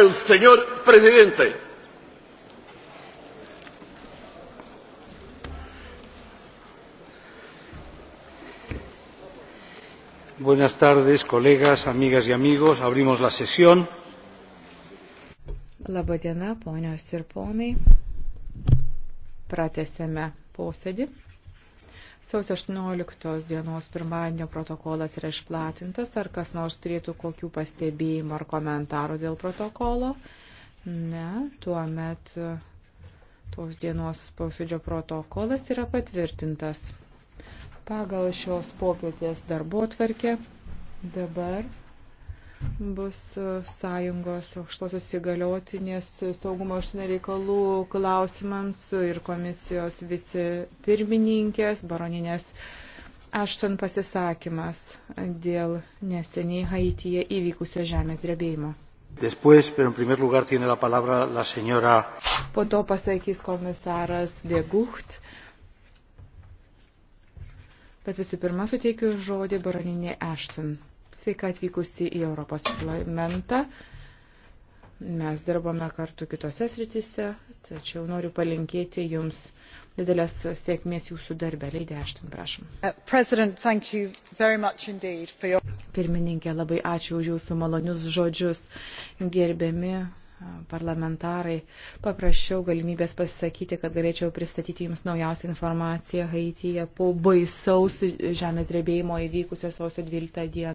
el señor presidente. Buenas tardes, colegas, amigas y amigos. Abrimos la sesión. Labą dieną, ponios ir ponai. Pratestėme posėdį. Sausio 18 dienos pirmadienio protokolas yra išplatintas, ar kas nors turėtų kokių pastebėjimų ar komentarų dėl protokolo. Ne, tuomet e, tos dienos posėdžio protokolas yra patvirtintas. Pagal šios popietės darbo tvarkė dabar bus e, sąjungos aukštosios įgaliotinės e, saugumo užsienio reikalų klausimams ir komisijos vicepirmininkės baroninės Ashton pasisakymas dėl neseniai Haityje įvykusio žemės drebėjimo. Después, pero en primer lugar tiene la palabra la señora. Po to pasakys komisaras Degucht. Bet visų pirma suteikiu žodį baroninė Ashton. Sveika atvykusi į Europos parlamentą. Mes dirbame kartu kitose sritise, tačiau noriu palinkėti Jums didelės sėkmės jūsų darbę. Leidė Aštin, prašom. Uh, your... Pirmininkė, labai ačiū už Jūsų malonius žodžius. Gerbiami uh, parlamentarai, paprašiau galimybės pasisakyti, kad galėčiau pristatyti Jums naujausią informaciją Haityje po baisaus žemės drebėjimo įvykusio sausio 12 dieną.